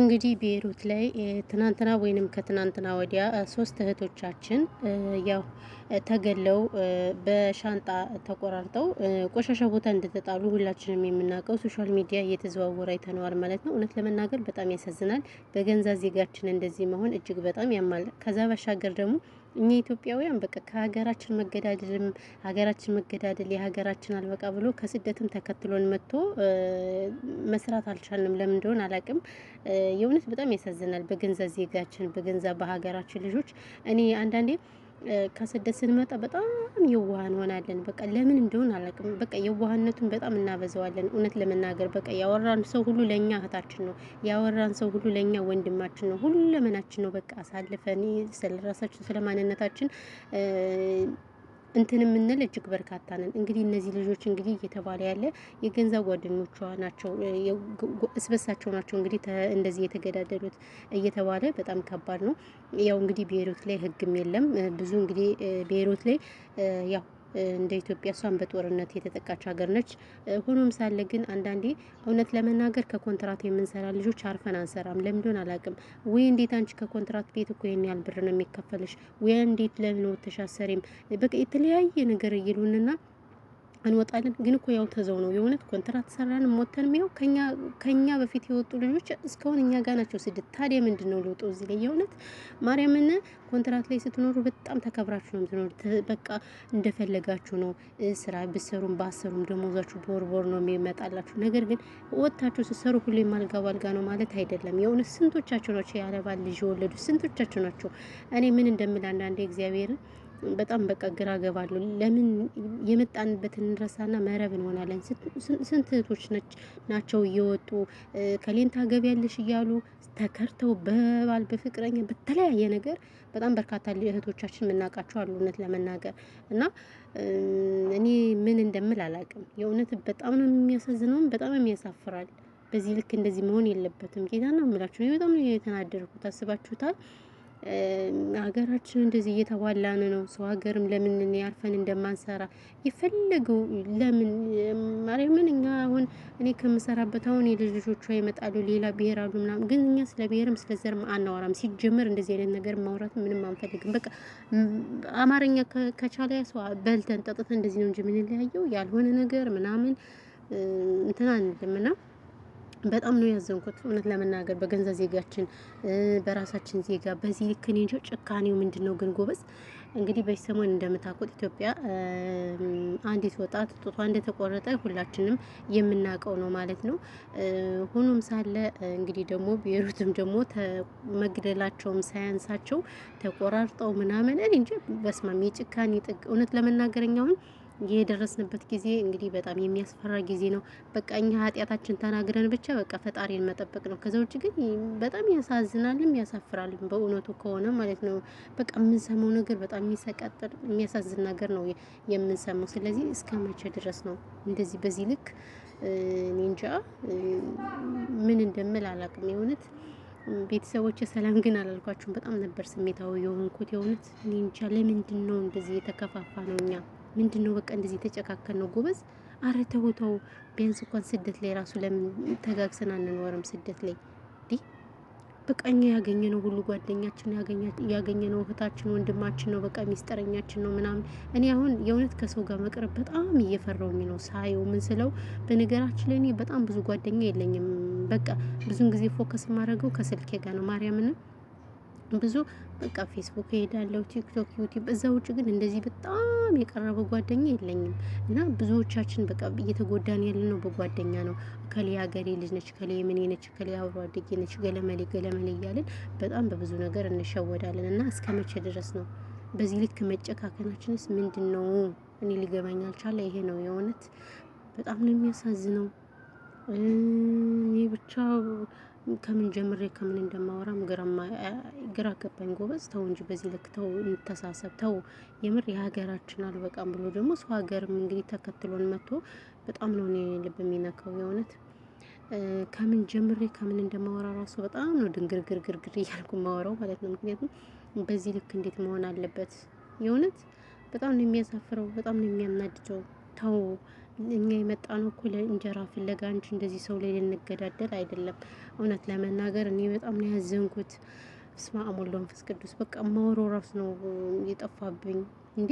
እንግዲህ ቤሩት ላይ ትናንትና ወይንም ከትናንትና ወዲያ ሶስት እህቶቻችን ያው ተገለው በሻንጣ ተቆራርጠው ቆሻሻ ቦታ እንደተጣሉ ሁላችንም የምናውቀው ሶሻል ሚዲያ እየተዘዋወረ አይተነዋል ማለት ነው። እውነት ለመናገር በጣም ያሳዝናል። በገንዛ ዜጋችን እንደዚህ መሆን እጅግ በጣም ያማል። ከዛ ባሻገር ደግሞ እኛ ኢትዮጵያውያን በቃ ከሀገራችን መገዳደልም ሀገራችን መገዳደል የሀገራችን አልበቃ ብሎ ከስደትም ተከትሎን መጥቶ መስራት አልቻልንም። ለምን እንደሆነ አላውቅም። የእውነት በጣም ያሳዝናል። በገንዘብ ዜጋችን በገንዘብ በሀገራችን ልጆች እኔ አንዳንዴ ከስደት ስንመጣ በጣም የዋህ እንሆናለን። በቃ ለምን እንደሆን አላውቅም። በቃ የዋህነቱን በጣም እናበዛዋለን። እውነት ለመናገር በቃ ያወራን ሰው ሁሉ ለእኛ እህታችን ነው። ያወራን ሰው ሁሉ ለእኛ ወንድማችን ነው። ሁለመናችን ነው። በቃ አሳልፈን ስለራሳችን ስለማንነታችን እንትን የምንል እጅግ በርካታ ነን። እንግዲህ እነዚህ ልጆች እንግዲህ እየተባለ ያለ የገንዘብ ጓደኞቿ ናቸው፣ እስበሳቸው ናቸው። እንግዲህ እንደዚህ የተገዳደሉት እየተባለ በጣም ከባድ ነው። ያው እንግዲህ ብሄሮት ላይ ህግም የለም ብዙ እንግዲህ ብሄሮት ላይ ያው እንደ ኢትዮጵያ እሷን በጦርነት የተጠቃች ሀገር ነች። ሆኖም ሳለ ግን አንዳንዴ እውነት ለመናገር ከኮንትራት የምንሰራ ልጆች አርፈን አንሰራም። ለምንድን አላውቅም። ወይ እንዴት አንቺ ከኮንትራት ቤት እኮ ይህን ያህል ብር ነው የሚከፈልሽ፣ ወይ እንዴት ለምን ወተሻሰሪም በቃ የተለያየ ነገር እየሉንና እንወጣለን። ግን እኮ ያው ተዘው ነው የእውነት ኮንትራት ሰራን ሞተን ሚው ከኛ በፊት የወጡ ልጆች እስካሁን እኛ ጋር ናቸው ስድስት። ታዲያ ምንድን ነው እዚህ ላይ የእውነት ማርያምን። ኮንትራት ላይ ስትኖሩ በጣም ተከብራችሁ ነው ምትኖሩ። በቃ እንደፈለጋችሁ ነው ስራ ብሰሩም ባሰሩም ደሞዛችሁ በወር በወር ነው የሚመጣላችሁ። ነገር ግን ወጥታችሁ ስትሰሩ ሁሌም አልጋ ባልጋ ነው ማለት አይደለም። የእውነት ስንቶቻቸው ናቸው ያለባል ልጅ የወለዱ ስንቶቻቸው ናቸው። እኔ ምን እንደምል አንዳንዴ እግዚአብሔርን በጣም በቃ ግራ ገባለሁ። ለምን የመጣንበት እንረሳና መረብ እንሆናለን። ስንት እህቶች ናቸው እየወጡ ከሌን ያለሽ እያሉ ተከርተው በባል በፍቅረኛ በተለያየ ነገር በጣም በርካታ እህቶቻችን የምናውቃቸው አሉ። እውነት ለመናገር እና እኔ ምን እንደምል አላውቅም። የእውነት በጣም ነው የሚያሳዝነውም በጣም የሚያሳፍራል። በዚህ ልክ እንደዚህ መሆን የለበትም። ጌታ ነው የምላችሁ። በጣም ነው አስባችሁታል? ሀገራችን እንደዚህ እየተባላን ነው። ሰው ሀገርም ለምን ያርፈን እንደማንሰራ የፈለገው ለምን ማርያምን እኛ አሁን እኔ ከምሰራበት አሁን የልጅ ልጆቿ ይመጣሉ፣ ሌላ ብሔር አሉ ምናምን። ግን እኛ ስለ ብሔርም ስለ ዘርም አናወራም። ሲጀመር እንደዚህ አይነት ነገር ማውራት ምንም አንፈልግም። በቃ አማርኛ ከቻለ ሰው በልተን ጠጥተን እንደዚህ ነው እንጂ የምንለያየው ያልሆነ ነገር ምናምን እንትን አንልም በጣም ነው ያዘንኩት። እውነት ለመናገር በገንዘብ ዜጋችን በራሳችን ዜጋ በዚህ ልክ እኔ እንጃ ጭካኔው ምንድን ነው ግን ጎበዝ። እንግዲህ በዚህ ሰሞን እንደምታውቁት ኢትዮጵያ አንዲት ወጣት ጡቷ እንደተቆረጠ ሁላችንም የምናውቀው ነው ማለት ነው። ሆኖም ሳለ እንግዲህ ደግሞ ቤሩትም ደግሞ መግደላቸውም ሳያንሳቸው ተቆራርጠው ምናምን እኔ እንጃ በስማሚ የጭካኔ ጥግ እውነት ለመናገረኛውን የደረስንበት ጊዜ እንግዲህ በጣም የሚያስፈራ ጊዜ ነው። በቃ እኛ ኃጢአታችን ተናግረን ብቻ በቃ ፈጣሪን መጠበቅ ነው። ከዛ ውጭ ግን በጣም ያሳዝናልም ያሳፍራልም በእውነቱ ከሆነ ማለት ነው። በቃ የምንሰማው ነገር በጣም የሚሰቀጥር የሚያሳዝን ነገር ነው የምንሰማው። ስለዚህ እስከ መቼ ድረስ ነው እንደዚህ በዚህ ልክ እንጃ ምን እንደምል አላውቅም። የእውነት ቤተሰቦች ሰላም ግን አላልኳችሁም። በጣም ነበር ስሜታዊ የሆንኩት የእውነት እንጃ። ለምንድን ነው እንደዚህ የተከፋፋ ነው እኛ ምንድን ነው በቃ እንደዚህ የተጨካከል ነው ጎበዝ። አረ ተው ተው፣ ቢያንስ እንኳን ስደት ላይ ራሱ ለምን ተጋግሰን አንኖርም? ስደት ላይ ዲ በቃ እኛ ያገኘነው ሁሉ ጓደኛችን ያገኘነው እህታችን ወንድማችን ነው፣ በቃ ሚስጥረኛችን ነው ምናምን። እኔ አሁን የእውነት ከሰው ጋር መቅረብ በጣም እየፈራውኝ ነው ሳየው ምን ስለው። በነገራችን ላይ እኔ በጣም ብዙ ጓደኛ የለኝም። በቃ ብዙን ጊዜ ፎከስ የማደርገው ከስልኬ ጋር ነው ማርያምንም ብዙ በቃ ፌስቡክ እሄዳለሁ፣ ቲክቶክ፣ ዩቲብ። እዛ ውጭ ግን እንደዚህ በጣም የቀረበ ጓደኛ የለኝም እና ብዙዎቻችን በቃ እየተጎዳን ያለ ነው በጓደኛ ነው። ከሌ ሀገሬ ልጅ ነች፣ ከሌ የምኔ ነች፣ ከሌ አብሮ አደጌ ነች፣ ገለመሌ ገለመሌ እያለን በጣም በብዙ ነገር እንሸወዳለን እና እስከ መቼ ድረስ ነው በዚህ ልክ መጨካከናችንስ ምንድን ነው? እኔ ሊገባኝ አልቻለ። ይሄ ነው የእውነት በጣም ነው የሚያሳዝነው። እኔ ብቻ ከምን ጀምሬ ከምን እንደማወራም ግራ ገባኝ። ጎበዝ ተው እንጂ በዚህ ልክ ተው፣ እንተሳሰብ ተው። የምር የሀገራችን አልበቃም ብሎ ደግሞ ሰው ሀገርም እንግዲህ ተከትሎን መጥቶ በጣም ነው እኔ ልብ የሚነካው የእውነት። ከምን ጀምሬ ከምን እንደማወራ ራሱ በጣም ነው ድንግርግርግርግር እያልኩ ማወራው ማለት ነው። ምክንያቱም በዚህ ልክ እንዴት መሆን አለበት? የእውነት በጣም ነው የሚያሳፍረው፣ በጣም ነው የሚያናድደው። ተው፣ እኛ የመጣ ነው እኮ ለእንጀራ ፍለጋ እንጂ እንደዚህ ሰው ላይ ልንገዳደል አይደለም። እውነት ለመናገር እኔ በጣም ነው ያዘንኩት። ስማ አሞሎ መንፈስ ቅዱስ በቃ ማወሮ ራሱ ነው የጠፋብኝ። እንዴ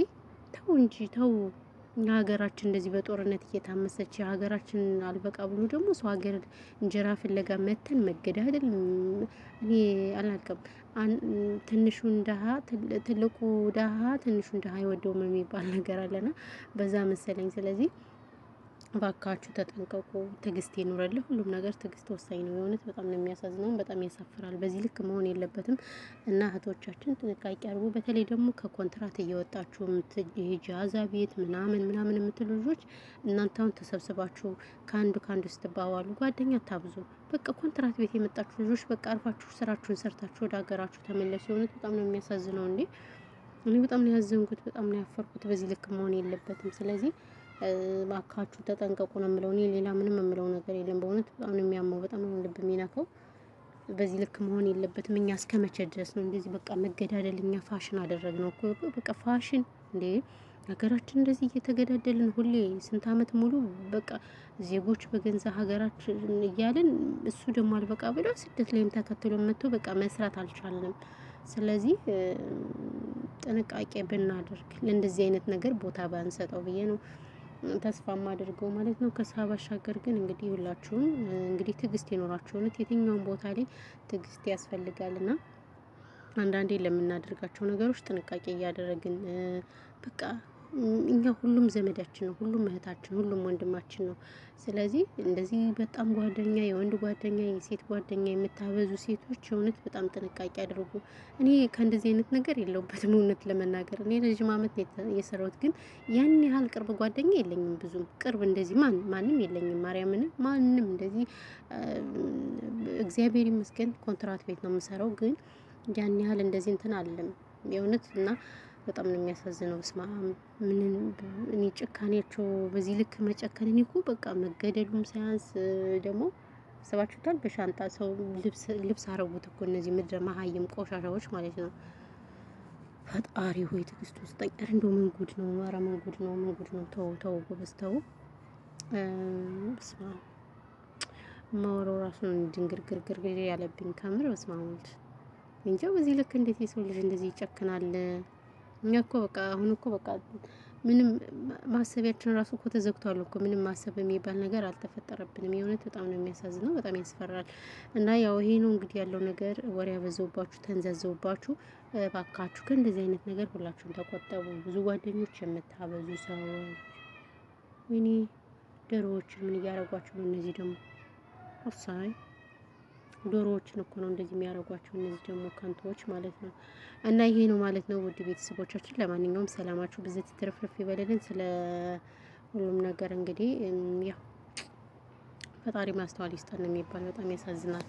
ተው እንጂ ተው። ሀገራችን እንደዚህ በጦርነት እየታመሰች ሀገራችን አልበቃ ብሎ ደግሞ ሰው ሀገር እንጀራ ፍለጋ መተን መገዳደል እኔ አላልቅም። ትንሹን ድሀ ትልቁ ድሀ ትንሹን ድሀ አይወደውም የሚባል ነገር አለና በዛ መሰለኝ። ስለዚህ ባካችሁ ተጠንቀቁ። ትዕግስት ይኑረል። ሁሉም ነገር ትዕግስት ወሳኝ ነው። የእውነት በጣም ነው የሚያሳዝነው፣ በጣም ያሳፍራል። በዚህ ልክ መሆን የለበትም እና እህቶቻችን ጥንቃቄ አድርጉ። በተለይ ደግሞ ከኮንትራት እየወጣችሁ ጃዛ ቤት ምናምን ምናምን የምትሉ ልጆች እናንተውን ተሰብስባችሁ ከአንዱ ከአንዱ ስትባዋሉ ጓደኛ ታብዙ። በቃ ኮንትራት ቤት የመጣችሁ ልጆች በቃ አርፋችሁ ስራችሁን ሰርታችሁ ወደ ሀገራችሁ ተመለሱ። የእውነት በጣም ነው የሚያሳዝነው እንዴ! እኔ በጣም ነው ያዘንኩት፣ በጣም ነው ያፈርኩት። በዚህ ልክ መሆን የለበትም ስለዚህ እባካችሁ ተጠንቀቁ ነው የምለው። እኔ ሌላ ምንም የምለው ነገር የለም። በእውነት በጣም ነው የሚያመው፣ በጣም ነው ልብ የሚነካው። በዚህ ልክ መሆን የለበትም። እኛ እስከ መቼ ድረስ ነው እንደዚህ በቃ መገዳደል? እኛ ፋሽን አደረግ ነው እኮ በቃ ፋሽን እንዴ! ሀገራችን እንደዚህ እየተገዳደልን ሁሌ ስንት አመት ሙሉ በቃ ዜጎች በገንዘብ ሀገራችን እያልን እሱ ደግሞ አልበቃ ብሎ ስደት ላይም ተከትሎ መጥቶ በቃ መስራት አልቻልንም። ስለዚህ ጥንቃቄ ብናደርግ ለእንደዚህ አይነት ነገር ቦታ ባንሰጠው ብዬ ነው ተስፋም አድርገው ማለት ነው። ከዛ ባሻገር ግን እንግዲህ ሁላችሁም እንግዲህ ትዕግስት ይኖራችሁ እውነት የትኛውን ቦታ ላይ ትዕግስት ያስፈልጋልና አንዳንዴ ለምናደርጋቸው ነገሮች ጥንቃቄ እያደረግን በቃ እኛ ሁሉም ዘመዳችን ነው፣ ሁሉም እህታችን፣ ሁሉም ወንድማችን ነው። ስለዚህ እንደዚህ በጣም ጓደኛ፣ የወንድ ጓደኛ፣ የሴት ጓደኛ የምታበዙ ሴቶች እውነት በጣም ጥንቃቄ አድርጉ። እኔ ከእንደዚህ አይነት ነገር የለውበትም እውነት ለመናገር እኔ ረዥም ዓመት የሰራሁት ግን ያን ያህል ቅርብ ጓደኛ የለኝም። ብዙም ቅርብ እንደዚህ ማን ማንም የለኝም። ማርያምን ማንም እንደዚህ እግዚአብሔር ይመስገን ኮንትራት ቤት ነው የምሰራው፣ ግን ያን ያህል እንደዚህ እንትን አለም የእውነት እና በጣም ነው የሚያሳዝነው። ስማ ምንም እኔ ጭካኔያቸው በዚህ ልክ መጨከን እኔ እኮ በቃ መገደሉም ሳያንስ ደግሞ አስባችሁታል። በሻንጣ ሰው ልብስ አረጉት እኮ እነዚህ ምድረ መሀይም ቆሻሻዎች ማለት ነው። ፈጣሪ ሆይ ትዕግስት ውስጠኝ። ኧረ እንደው ምን ጉድ ነው! ኧረ ምን ጉድ ነው! ምን ጉድ ነው! ተው ተው ጎበዝ ተው። ስማ ማወራው ራሱን ድንግርግርግር ያለብኝ ከምር በስመ አብ እንጃ። በዚህ ልክ እንዴት የሰው ልጅ እንደዚህ ይጨክናል? እኛ እኮ በቃ አሁን እኮ በቃ ምንም ማሰቢያችን ራሱ እኮ ተዘግቷል እኮ ምንም ማሰብ የሚባል ነገር አልተፈጠረብንም። የእውነት በጣም ነው የሚያሳዝነው፣ በጣም ያስፈራል። እና ያው ይሄ ነው እንግዲህ ያለው ነገር። ወሬ ያበዘውባችሁ፣ ተንዘዘውባችሁ፣ ባካችሁ ከእንደዚህ አይነት ነገር ሁላችሁም ተቆጠቡ። ብዙ ጓደኞች የምታበዙ ሰዎች፣ ወይኔ ደሮዎችን ምን እያደረጓቸው ነው እነዚህ ደግሞ አሳይ ዶሮዎችን እኮ ነው እንደዚህ የሚያደርጓቸው እነዚህ ደግሞ ከንቶዎች ማለት ነው። እና ይሄ ነው ማለት ነው ውድ ቤተሰቦቻችን። ለማንኛውም ሰላማችሁ ብዘት ትርፍርፍ ይበልልን። ስለ ሁሉም ነገር እንግዲህ ያው ፈጣሪ ማስተዋል ይስጠን የሚባል በጣም ያሳዝናል።